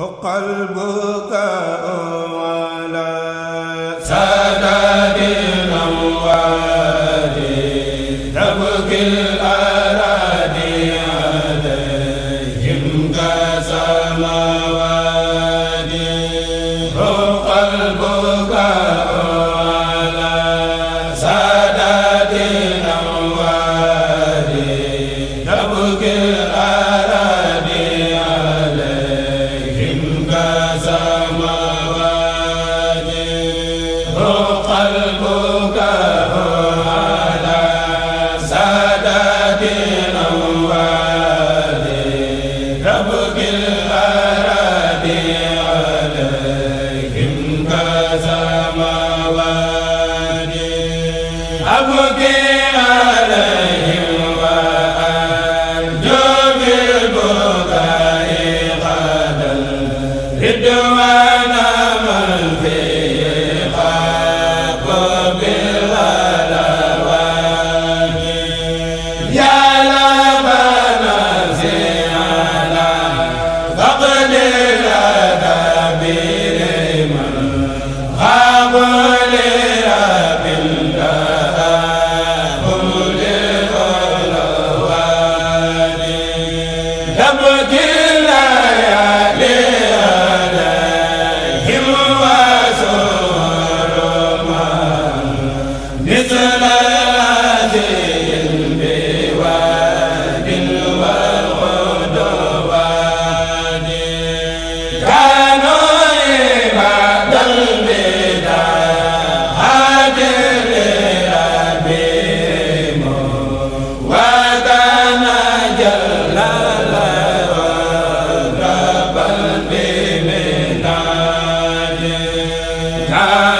وقلبك البكاء ridwaana man fi Ah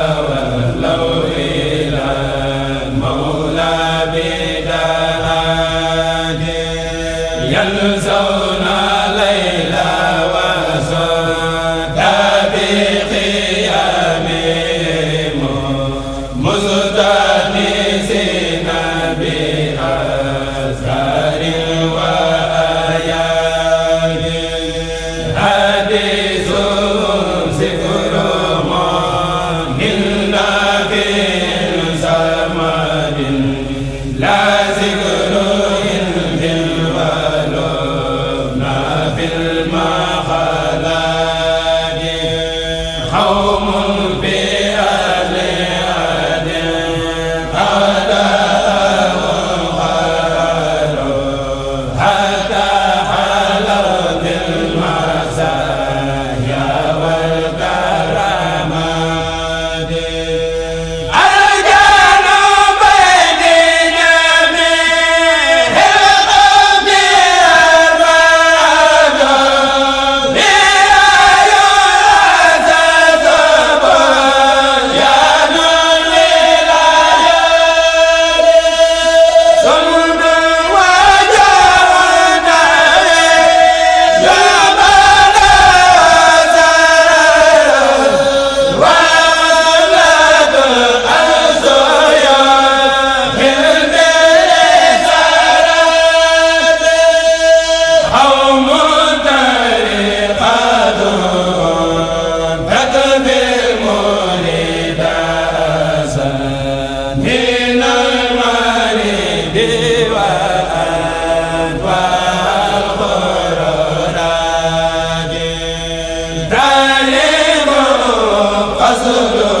Aslan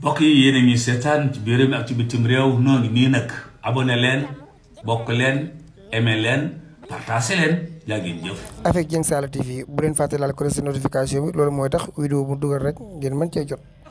mbokk yi yéen seetaan ci biir réew mi ak ci bitim réew noo ngi nii nag abone leen bokk leen aimé leen partagé leen jaa ngeen jëf. avec Dieng Saala TV bu leen fàtte laal ko si notification loolu mooy tax vidéo bu dugal rek ngeen man cee jot.